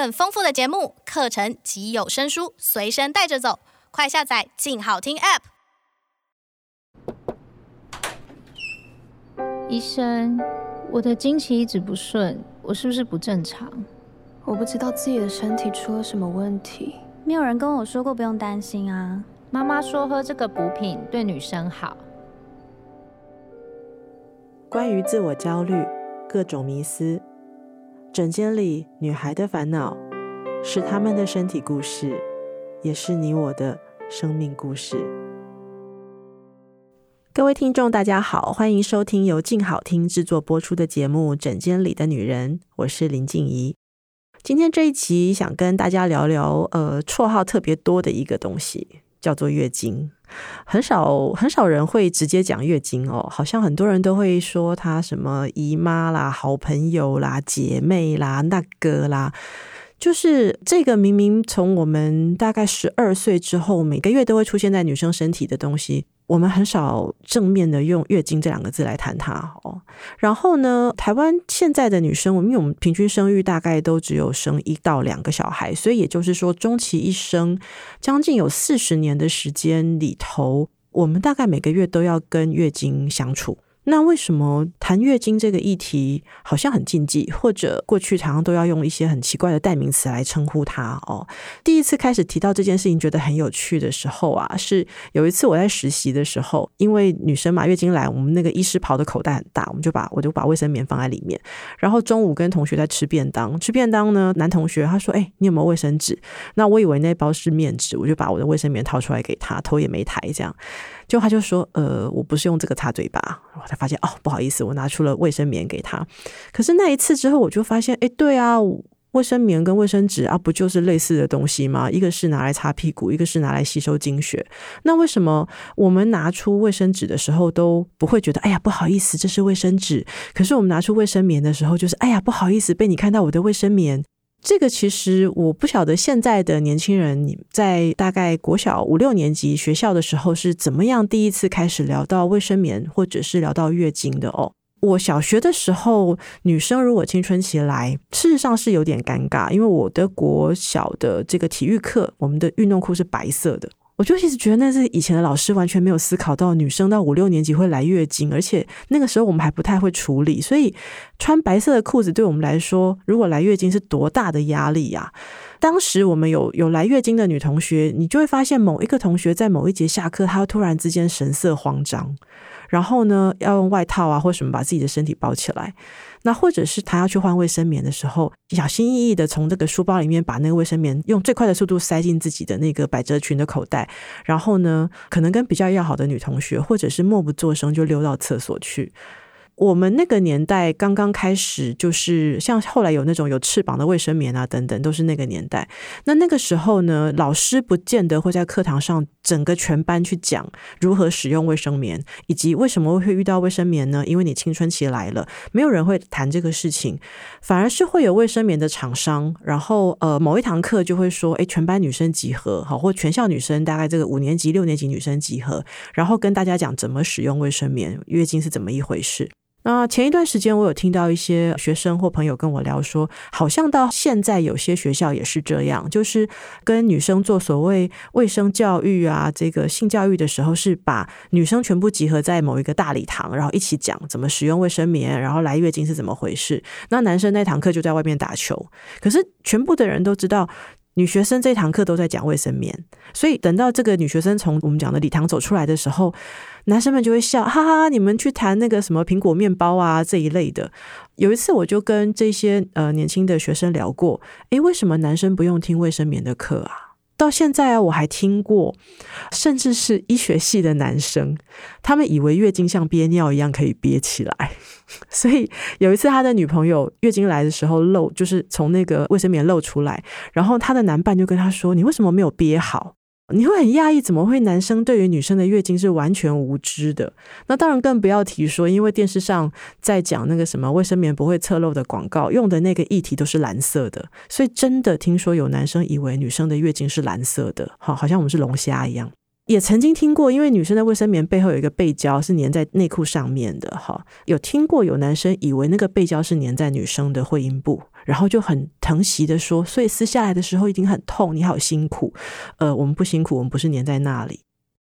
很豐富的節目、課程及有聲書隨身帶着走，快下載“鏡好聽 ”App。醫生，我的經期一直不順，我是不是不正常？我不知道自己的身體出了什麼問題。沒有人跟我說過不用擔心啊。媽媽說喝這個補品對女生好。關於自我焦慮，各種迷思。診間裡，女孩的煩惱是他們的身體故事，也是你我的生命故事。各位聽眾，大家好，歡迎收聽由靜好聽製作播出的節目《診間裡的女人》，我是林靜儀。今天這一期想跟大家聊聊，呃，綽號特別多的一個東西，叫做月經。很少很少人會直接講月經哦，好像很多人都會說她什麼姨媽啦、好朋友啦、姐妹啦、那個啦，就是這個明明從我們大概十二歲之後，每個月都會出現在女生身體的東西。我們很少正面的用“月經”這兩個字來談它哦。然後呢，台灣現在的女生，因為我們平均生育大概都只有生一到兩個小孩，所以也就是說，終其一生將近有四十年的時間裡頭，我們大概每個月都要跟月經相處。那為什麼談月經這個議題好像很禁忌，或者過去常常都要用一些很奇怪的代名詞來稱呼它？哦，第一次開始提到這件事情，覺得很有趣的時候啊，是有一次我在實習的時候，因為女生嘛，月經來，我們那個醫師袍的口袋很大，我們就把我就把衛生棉放在裡面。然後中午跟同學在吃便當，吃便當呢，男同學他說：“哎、欸，你有沒有衛生紙？”那我以為那包是面紙，我就把我的衛生棉掏出來給他，頭也沒抬，這樣就他就說：“呃，我不是用這個擦嘴巴。”才發現哦，不好意思，我拿出了衛生棉給他。可是那一次之後，我就發現，哎，對啊，衛生棉跟衛生紙啊，不就是類似的東西嗎？一個是拿來擦屁股，一個是拿來吸收經血。那為什麼我們拿出衛生紙的時候都不會覺得，哎呀，不好意思，這是衛生紙？可是我們拿出衛生棉的時候，就是，哎呀，不好意思，被你看到我的衛生棉。這個其實我不曉得現在的年輕人，你在大概國小五六年級學校的時候是怎麼樣第一次開始聊到衛生棉或者是聊到月經的哦。我小學的時候，女生如果青春期來，事實上是有點尷尬，因為我的國小的這個體育課，我們的運動褲是白色的。我就一直覺得那是以前的老師完全沒有思考到女生到五六年級會來月經，而且那個時候我們還不太會處理，所以穿白色的褲子對我們來說，如果來月經是多大的壓力呀、啊？當時我們有有來月經的女同學，你就會發現某一個同學在某一節下課，她突然之間神色慌張，然後呢要用外套啊或什麼把自己的身體包起來。那或者是他要去換衛生棉的時候，小心翼翼的從這個書包裡面把那個衛生棉用最快的速度塞進自己的那個百褶裙的口袋，然後呢，可能跟比較要好的女同學，或者是默不作聲就溜到廁所去。我們那個年代剛剛開始，就是像後來有那種有翅膀的衛生棉啊，等等，都是那個年代。那那個時候呢，老師不見得會在課堂上整個全班去講如何使用衛生棉，以及為什麼會遇到衛生棉呢？因為你青春期來了，沒有人會談這個事情，反而是會有衛生棉的廠商，然後呃某一堂課就會說，誒，全班女生集合，好，或全校女生大概這個五年級、六年級女生集合，然後跟大家講怎麼使用衛生棉，月經是怎麼一回事。那前一段時間，我有聽到一些學生或朋友跟我聊說，好像到現在有些學校也是這樣，就是跟女生做所謂衛生教育啊，這個性教育的時候，是把女生全部集合在某一個大禮堂，然後一起講怎麼使用衛生棉，然後來月經是怎麼回事。那男生那堂課就在外面打球，可是全部的人都知道，女學生這堂課都在講衛生棉，所以等到這個女學生從我們講的禮堂走出來的時候，男生們就會笑，哈哈！你們去談那個什麼蘋果麵包啊，這一類的。有一次，我就跟這些呃年輕的學生聊過，誒，為什麼男生不用聽衛生棉的課啊？到現在啊，我還聽過，甚至是醫學系的男生，他們以為月經像憋尿一樣可以憋起來。所以有一次，他的女朋友月經來的時候漏，就是從那個衛生棉漏出來，然後他的男伴就跟他說：“你為什麼沒有憋好？”你會很訝異，怎麼會男生對於女生的月經是完全無知的？那當然更不要提說，因為電視上在講那個什麼衛生棉不會側漏的廣告，用的那個議題都是藍色的，所以真的聽說有男生以為女生的月經是藍色的，好，好像我們是龍蝦一樣。也曾經聽過，因為女生的衛生棉背後有一個背膠是粘在內褲上面的，哈，有聽過有男生以為那個背膠是粘在女生的會陰部。然後就很疼惜的說，所以撕下來的時候一定很痛，你好辛苦。呃，我們不辛苦，我們不是粘在那裡。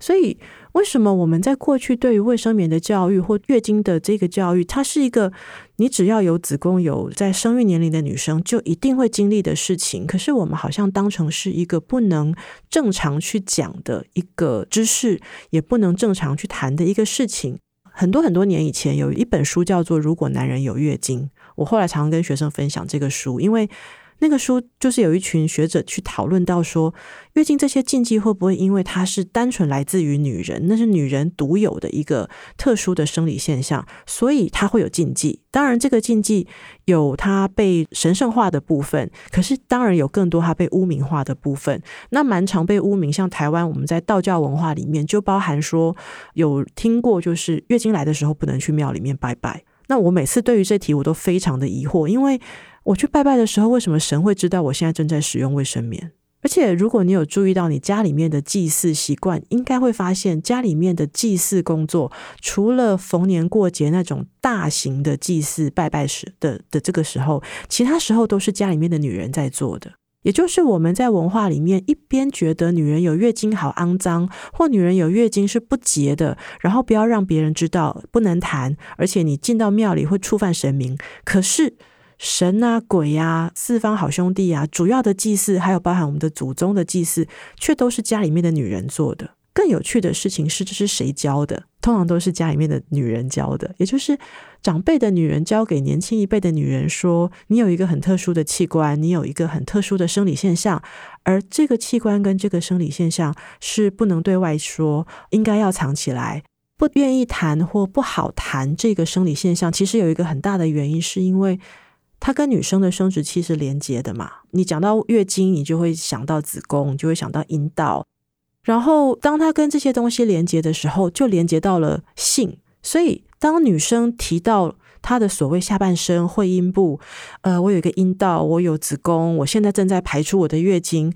所以為什麼我們在過去對於衛生棉的教育或月經的這個教育，它是一個你只要有子宮有在生育年齡的女生就一定會經歷的事情。可是我們好像當成是一個不能正常去講的一個知識，也不能正常去談的一個事情。很多很多年以前，有一本書叫做《如果男人有月經》。我後來常跟學生分享這個書，因為那個書就是有一群學者去討論到說，月經這些禁忌會不會因為它是單純來自於女人，那是女人獨有的一個特殊的生理現象，所以它會有禁忌。當然，這個禁忌有它被神聖化的部分，可是當然有更多它被污名化的部分。那蠻常被污名，像台灣我們在道教文化裡面就包含說，有聽過就是月經來的時候不能去廟裡面拜拜。那我每次對於這題我都非常的疑惑，因為我去拜拜的時候，為什麼神會知道我現在正在使用衛生棉？而且如果你有注意到你家裡面的祭祀習慣，應該會發現家裡面的祭祀工作，除了逢年過節那種大型的祭祀拜拜時的的這個時候，其他時候都是家裡面的女人在做的。也就是我們在文化裡面，一邊覺得女人有月經好骯髒，或女人有月經是不潔的，然後不要讓別人知道，不能談，而且你進到廟裡會觸犯神明。可是神啊、鬼呀、四方好兄弟啊，主要的祭祀還有包含我們的祖宗的祭祀，卻都是家裡面的女人做的。更有趣的事情是，這是誰教的？通常都是家裡面的女人教的，也就是長輩的女人教給年輕一輩的女人說，說你有一個很特殊的器官，你有一個很特殊的生理現象，而這個器官跟這個生理現象是不能對外說，應該要藏起來。不願意談或不好談這個生理現象，其實有一個很大的原因，是因為它跟女生的生殖器是連接的嘛。你講到月經，你就會想到子宮，就會想到陰道。然後，當他跟這些東西連接的時候，就連接到了性。所以，當女生提到她的所謂下半身、會陰部，呃，我有一個陰道，我有子宮，我現在正在排出我的月經，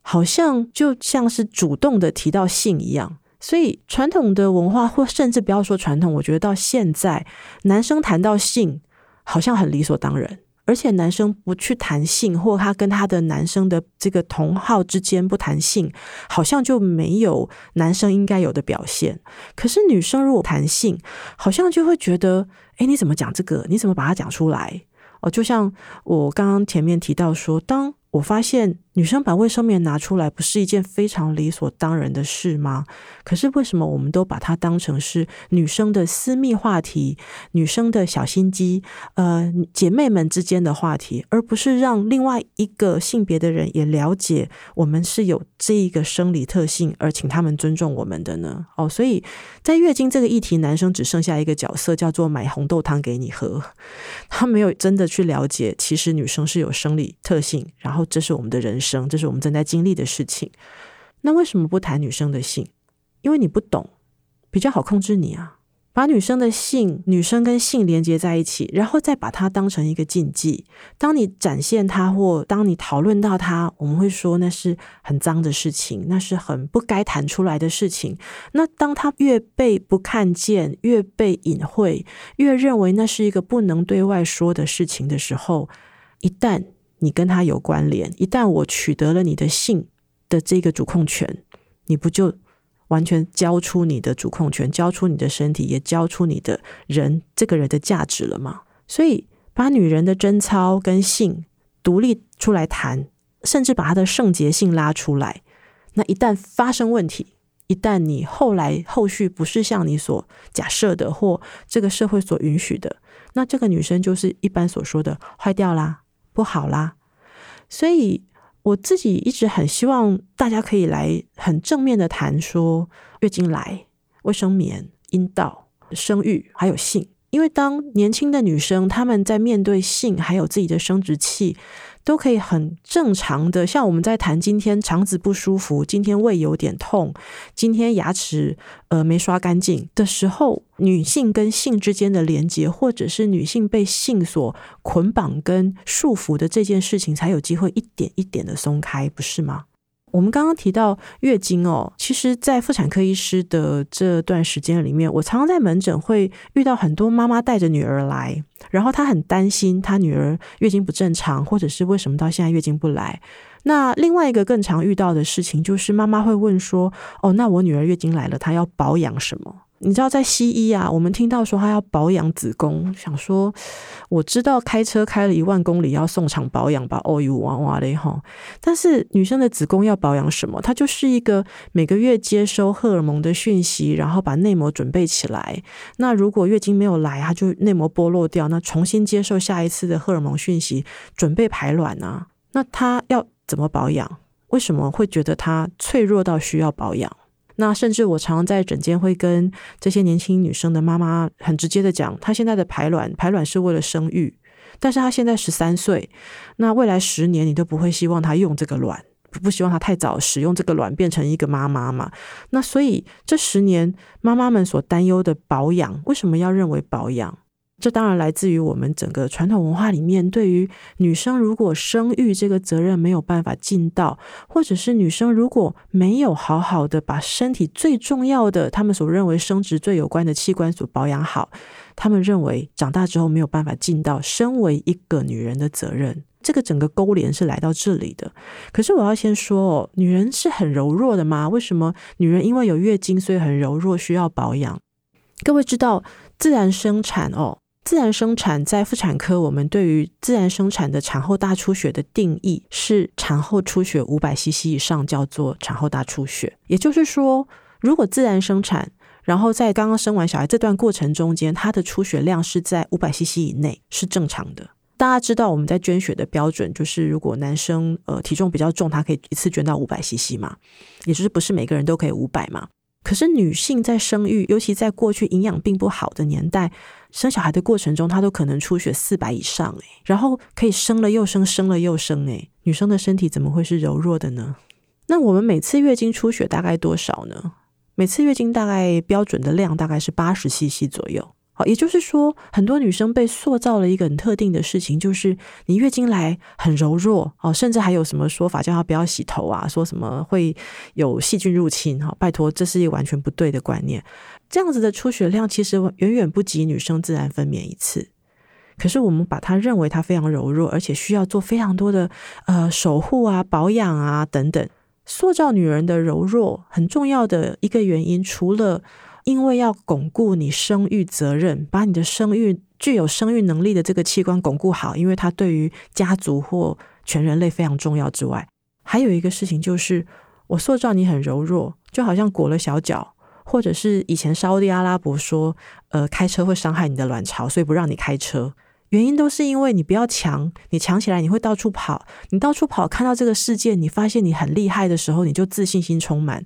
好像就像是主動的提到性一樣。所以，傳統的文化或甚至不要說傳統，我覺得到現在，男生談到性，好像很理所當然。而且男生不去談性，或他跟他的男生的這個同好之間不談性，好像就沒有男生應該有的表現。可是女生如果談性，好像就會覺得，哎、欸，你怎麼講這個？你怎麼把它講出來？哦，就像我剛剛前面提到說，當我發現。女生把衛生棉拿出來不是一件非常理所當然的事嗎？可是為什麼我們都把它當成是女生的私密話題、女生的小心機，呃，姐妹們之間的話題，而不是讓另外一個性別的人也了解我們是有這一個生理特性，而請他們尊重我們的呢？哦，所以在月經這個議題，男生只剩下一個角色，叫做買紅豆湯給你喝。他沒有真的去了解，其實女生是有生理特性，然後這是我們的人生。生，這是我們正在經歷的事情。那為什麼不談女生的性？因為你不懂，比較好控制你啊。把女生的性，女生跟性連接在一起，然後再把它當成一個禁忌。當你展現它，或當你討論到它，我們會說那是很髒的事情，那是很不該談出來的事情。那當它越被不看見，越被隱晦，越認為那是一個不能對外說的事情的時候，一旦。你跟他有關聯，一旦我取得了你的性的這個主控權，你不就完全交出你的主控權，交出你的身體，也交出你的人，這個人的價值了嗎？所以，把女人的貞操跟性獨立出來談，甚至把她的聖潔性拉出來，那一旦發生問題，一旦你後來後續不是像你所假設的或這個社會所允許的，那這個女生就是一般所說的壞掉啦。不好啦，所以我自己一直很希望大家可以來很正面的談說月經來、衛生棉、陰道、生育還有性，因為當年輕的女生她們在面對性還有自己的生殖器。都可以很正常的，像我們在談今天腸子不舒服，今天胃有點痛，今天牙齒呃沒刷乾淨的時候，女性跟性之間的連接，或者是女性被性所捆綁跟束縛的這件事情，才有機會一點一點的鬆開，不是嗎？我們剛剛提到月經哦，其實在婦產科醫師的這段時間裡面，我常常在門診會遇到很多媽媽帶着女兒來，然後她很擔心她女兒月經不正常，或者是為什麼到現在月經不來。那另外一個更常遇到的事情就是媽媽會問說：“哦，那我女兒月經來了，她要保養什麼？”你知道在西醫啊，我們聽到說他要保養子宮，想說我知道開車開了一萬公里要送廠保養吧，哦呦哇哇嘞吼。但是女生的子宮要保養什麼？她就是一個每個月接收荷爾蒙的訊息，然後把內膜準備起來。那如果月經沒有來，她就內膜剝落掉，那重新接受下一次的荷爾蒙訊息，準備排卵呢、啊？那她要怎麼保養？為什麼會覺得她脆弱到需要保養？那甚至我常常在診間會跟這些年輕女生的媽媽很直接的講，她現在的排卵，排卵是為了生育，但是她現在十三歲，那未來十年你都不會希望她用這個卵，不希望她太早使用這個卵變成一個媽媽嘛？那所以這十年媽媽們所擔憂的保養，為什麼要認為保養？這當然來自於我們整個傳統文化裡面，對於女生如果生育這個責任沒有辦法盡到，或者是女生如果沒有好好的把身體最重要的他們所認為生殖最有關的器官所保養好，他們認為長大之後沒有辦法盡到身為一個女人的責任，這個整個勾連是來到這裡的。可是我要先說哦，女人是很柔弱的嗎？為什麼女人因為有月經所以很柔弱，需要保養？各位知道自然生產哦。自然生產在婦產科，我們對於自然生產的產後大出血的定義是：產後出血五百 cc 以上叫做產後大出血。也就是說，如果自然生產，然後在剛剛生完小孩這段過程中間，它的出血量是在五百 cc 以內是正常的。大家知道我們在捐血的標準就是，如果男生呃體重比較重，他可以一次捐到五百 cc 嘛，也就是不是每個人都可以五百嘛。可是女性在生育，尤其在過去營養並不好的年代。生小孩的過程中，她都可能出血四百以上欸，然後可以生了又生，生了又生欸，女生的身體怎麼會是柔弱的呢？那我們每次月經出血大概多少呢？每次月經大概標準的量大概是八十 cc 左右。也就是說，很多女生被塑造了一個很特定的事情，就是你月經來很柔弱哦，甚至還有什麼說法叫她不要洗頭啊，說什麼會有細菌入侵哈，拜托，這是一個完全不對的觀念。這樣子的出血量其實遠遠不及女生自然分娩一次，可是我們把她認為她非常柔弱，而且需要做非常多的呃守護啊、保養啊等等，塑造女人的柔弱很重要的一個原因，除了。因為要鞏固你生育責任，把你的生育具有生育能力的這個器官鞏固好，因為它對於家族或全人類非常重要之外，還有一個事情就是，我說到你很柔弱，就好像裹了小腳，或者是以前沙烏地阿拉伯說，呃，開車會傷害你的卵巢，所以不讓你開車。原因都是因為你不要強，你強起來你會到處跑，你到處跑看到這個世界，你發現你很厲害的時候，你就自信心充滿。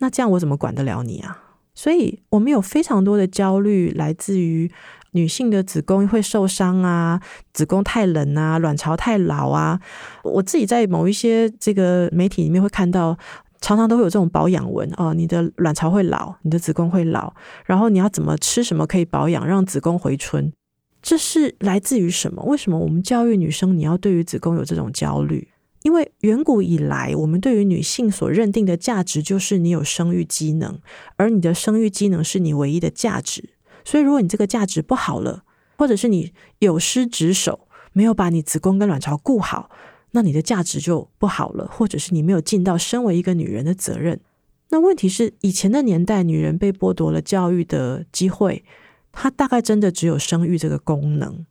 那這樣我怎麼管得了你啊？所以我們有非常多的焦慮來自於女性的子宮會受傷啊，子宮太冷啊，卵巢太老啊。我自己在某一些這個媒體裡面會看到，常常都會有這種保養文哦、呃，你的卵巢會老，你的子宮會老，然後你要怎麼吃什麼可以保養，讓子宮回春？這是來自於什麼？為什麼我們教育女生你要對於子宮有這種焦慮？因為遠古以來，我們對於女性所認定的價值就是你有生育機能，而你的生育機能是你唯一的價值。所以，如果你這個價值不好了，或者是你有失職守，沒有把你子宮跟卵巢顧好，那你的價值就不好了，或者是你沒有盡到身為一個女人的責任。那問題是，以前的年代，女人被剝奪了教育的機會，她大概真的只有生育這個功能。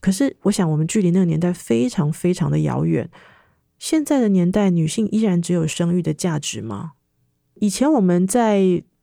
可是，我想我們距離那個年代非常非常的遙遠。現在的年代，女性依然只有生育的價值嗎？以前我們在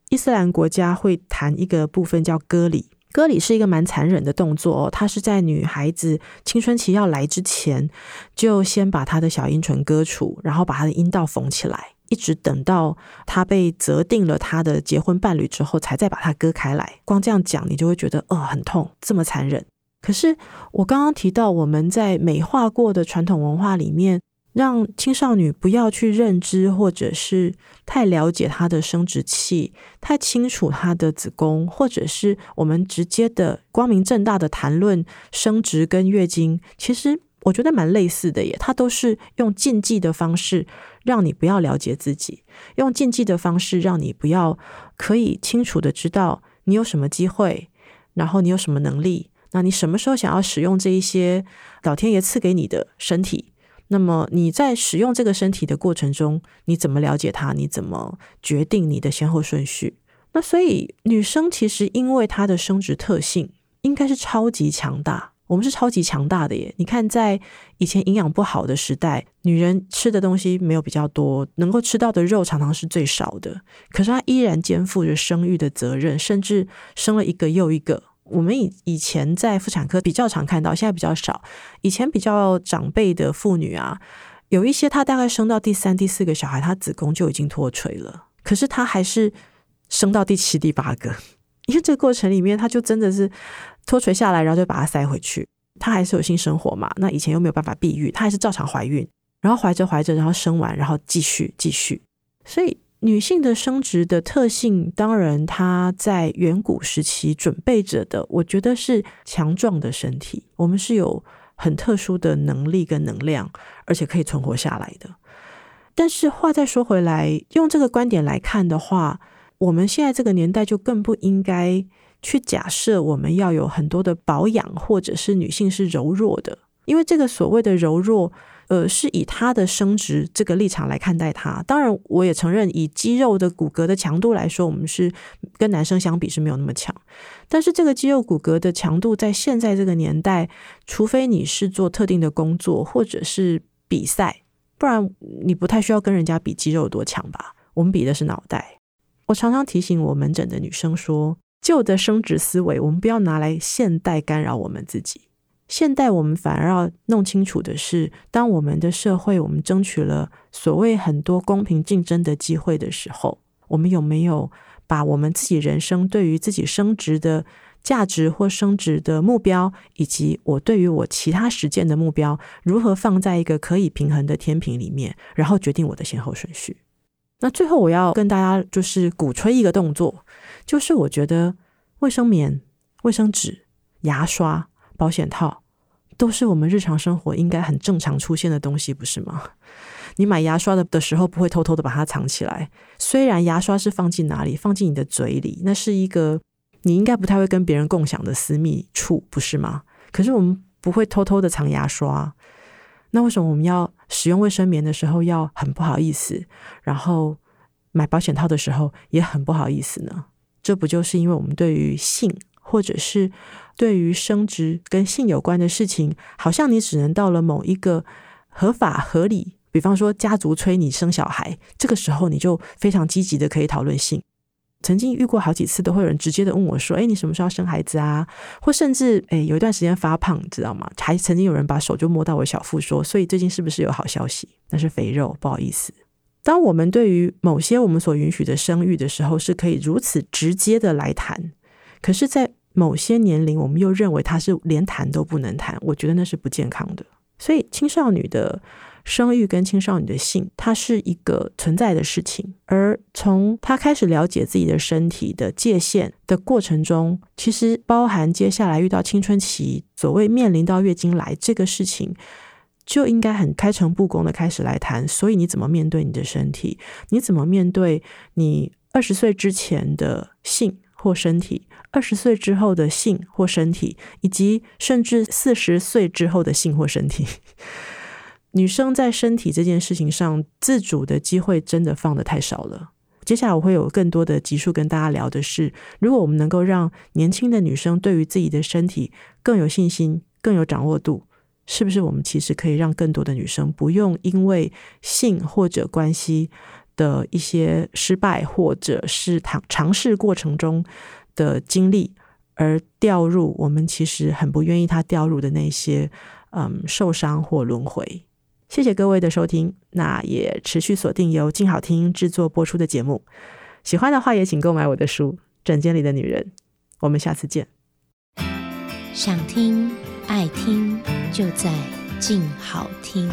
伊斯蘭國家會談一個部分叫割禮，割禮是一個蠻殘忍的動作哦，它是在女孩子青春期要來之前，就先把她的小陰唇割除，然後把她的陰道縫起來，一直等到她被擇定了她的結婚伴侶之後，才再把它割開來。光這樣講，你就會覺得哦，很痛，這麼殘忍。可是我剛剛提到，我們在美化過的傳統文化裡面。讓青少女不要去認知，或者是太了解他的生殖器，太清楚他的子宮，或者是我們直接的、光明正大的談論生殖跟月經。其實我覺得蠻類似的耶，他都是用禁忌的方式，讓你不要了解自己；用禁忌的方式，讓你不要可以清楚的知道你有什麼機會，然後你有什麼能力，那你什麼時候想要使用這一些老天爺賜給你的身體？那麼你在使用這個身體的過程中，你怎麼了解它？你怎麼決定你的先後順序？那所以女生其實因為她的生殖特性，應該是超級強大。我們是超級強大的耶！你看，在以前營養不好的時代，女人吃的東西沒有比較多，能夠吃到的肉常常是最少的。可是她依然肩負着生育的責任，甚至生了一個又一個。我們以以前在婦產科比較常看到，現在比較少。以前比較長輩的婦女啊，有一些她大概生到第三、第四個小孩，她子宮就已經脫垂了，可是她還是生到第七、第八個。因為這個過程裡面，她就真的是脫垂下來，然後就把它塞回去。她還是有性生活嘛，那以前又沒有辦法避孕，她還是照常懷孕，然後懷着懷着，然後生完，然後繼續繼續，所以。女性的生殖的特性，當然她在遠古時期準備着的，我覺得是強壯的身體。我們是有很特殊的能力跟能量，而且可以存活下來的。但是話再說回來，用這個觀點來看的話，我們現在這個年代就更不應該去假設我們要有很多的保養，或者是女性是柔弱的，因為這個所謂的柔弱。呃，是以他的生殖這個立場來看待他。當然，我也承認，以肌肉的骨骼的強度來說，我們是跟男生相比是沒有那麼強。但是，這個肌肉骨骼的強度在現在這個年代，除非你是做特定的工作或者是比賽，不然你不太需要跟人家比肌肉有多強吧？我們比的是腦袋。我常常提醒我門診的女生說，舊的生殖思維，我們不要拿來現代干擾我們自己。現在我們反而要弄清楚的是，當我們的社會我們爭取了所謂很多公平競爭的機會的時候，我們有沒有把我們自己人生對於自己升職的價值或升職的目標，以及我對於我其他實踐的目標，如何放在一個可以平衡的天平裡面，然後決定我的先後順序？那最後我要跟大家就是鼓吹一個動作，就是我覺得衛生棉、衛生紙、牙刷、保險套。都是我們日常生活應該很正常出現的東西，不是嗎？你買牙刷的的時候不會偷偷的把它藏起來，雖然牙刷是放進哪裡，放進你的嘴裡，那是一個你應該不太會跟別人共享的私密處，不是嗎？可是我們不會偷偷的藏牙刷，那為什麼我們要使用衛生棉的時候要很不好意思，然後買保險套的時候也很不好意思呢？這不就是因為我們對於性，或者是對於生殖跟性有關的事情，好像你只能到了某一個合法合理，比方說家族催你生小孩，這個時候你就非常積極的可以討論性。曾經遇過好幾次，都會有人直接的問我說：“誒，你什麼時候要生孩子啊？”或甚至“誒，有一段時間發胖，知道嗎？”還曾經有人把手就摸到我小腹說：“所以最近是不是有好消息？”那是肥肉，不好意思。當我們對於某些我們所允許的生育的時候，是可以如此直接的來談，可是，在某些年齡，我們又認為他是連談都不能談，我覺得那是不健康的。所以，青少女的生育跟青少女的性，它是一個存在的事情。而從她開始了解自己的身體的界限的過程中，其實包含接下來遇到青春期，所謂面臨到月經來這個事情，就應該很開誠布公的開始來談。所以，你怎麼面對你的身體？你怎麼面對你二十歲之前的性或身體？二十歲之後的性或身體，以及甚至四十歲之後的性或身體，女生在身體這件事情上自主的機會真的放得太少了。接下來我會有更多的集數跟大家聊的是，如果我們能夠讓年輕的女生對於自己的身體更有信心、更有掌握度，是不是我們其實可以讓更多的女生不用因為性或者關係的一些失敗，或者是嘗嘗試過程中。的經歷，而掉入我們其實很不願意他掉入的那些，嗯，受傷或輪迴。謝謝各位的收聽，那也持續鎖定由靜好聽製作播出的節目。喜歡的話也請購買我的書《診間裡的女人》。我們下次見。想聽愛聽就在靜好聽。